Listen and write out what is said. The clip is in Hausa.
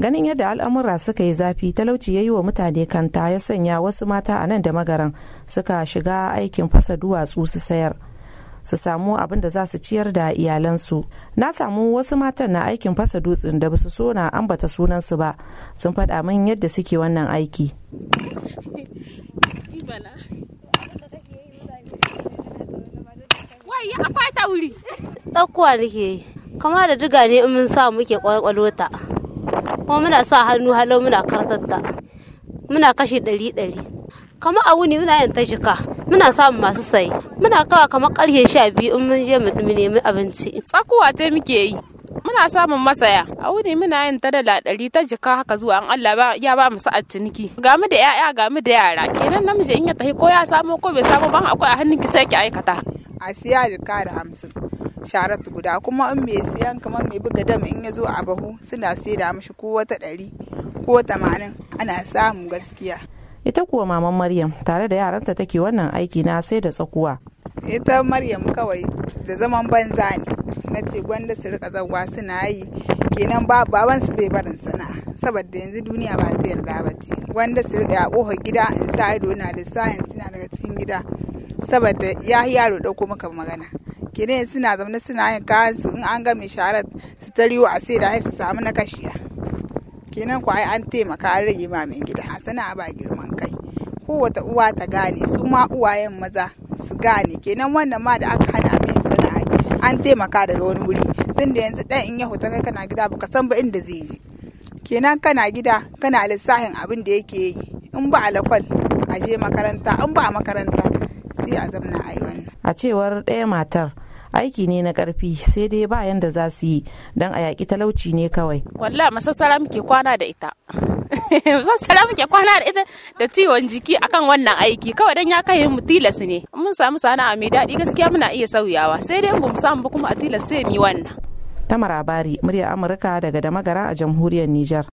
ganin yadda al'amura suka yi zafi talauci ya yi wa mutane kanta ya sanya wasu mata a nan da magaran suka shiga aikin fasa duwatsu su sayar su samu abin da za su ciyar da iyalansu na samu wasu matan na aikin fasa dutsen da basu so na ambata sunansu ba sun faɗa min yadda suke wannan aiki wai kama da diga ne in mun sa muke kwakwalota kuma muna sa hannu halau muna kartatta muna kashi ɗari ɗari kama a wuni muna yin tashika muna samun masu sayi muna kawa kamar ƙarshe sha biyu in mun je mu nemi abinci tsakuwa ce muke yi muna samun masaya a wuni muna yin ta dala ɗari ta jika haka zuwa an Allah ba ya ba mu sa'ar ciniki ga mu da 'ya'ya ga mu da yara kenan namiji in ya tafi ko ya samo ko bai samo ban akwai a hannun ki sai ki aikata a siya jaka da hamsin Sharatu guda kuma in mai siyan kamar mai buga dam in ya zo a bahu suna da mashi ko wata ɗari ko tamanin ana samun gaskiya ita kuwa maman maryam tare da yaranta take wannan aiki na sai da tsakuwa ita maryam kawai da zaman banza ne na ce gwanda su rika zagwa suna yi kenan baban su bai barin sana'a saboda yanzu duniya ba ta yarda ba ce wanda su ya ƙofar gida in sa ido na lissahin suna daga cikin gida saboda ya yaro ɗauko maka magana kenan suna zaune suna yin kayan su in an mai sharar su ta riwa a sai da su samu na kashiya kenan ku ai an taimaka an rage ma min gida a ba girman kai kowata uwa ta gane su ma uwayen maza su gane kenan wannan ma da aka hana min sana'a an taimaka daga wani wuri tunda yanzu dan in ya hoto kai kana gida baka san ba inda zai je kenan kana gida kana lissahin abin da yake yi in ba a lakwal a je makaranta in ba a makaranta sai a zamna a yi wannan a cewar ɗaya matar aiki ne na karfi sai dai ba yanda za su yi don a yaƙi talauci ne kawai walla masassara muke kwana da ita masassara muke kwana da ita da ciwon jiki akan wannan aiki kawai dan ya kai mu tilas ne mun samu sana'a mai daɗi gaskiya muna iya sauyawa sai dai in mu samu ba kuma a tilas sai mu yi wannan Tamara Bari, murya Amurka daga Damagara a jamhuriyar Nijar.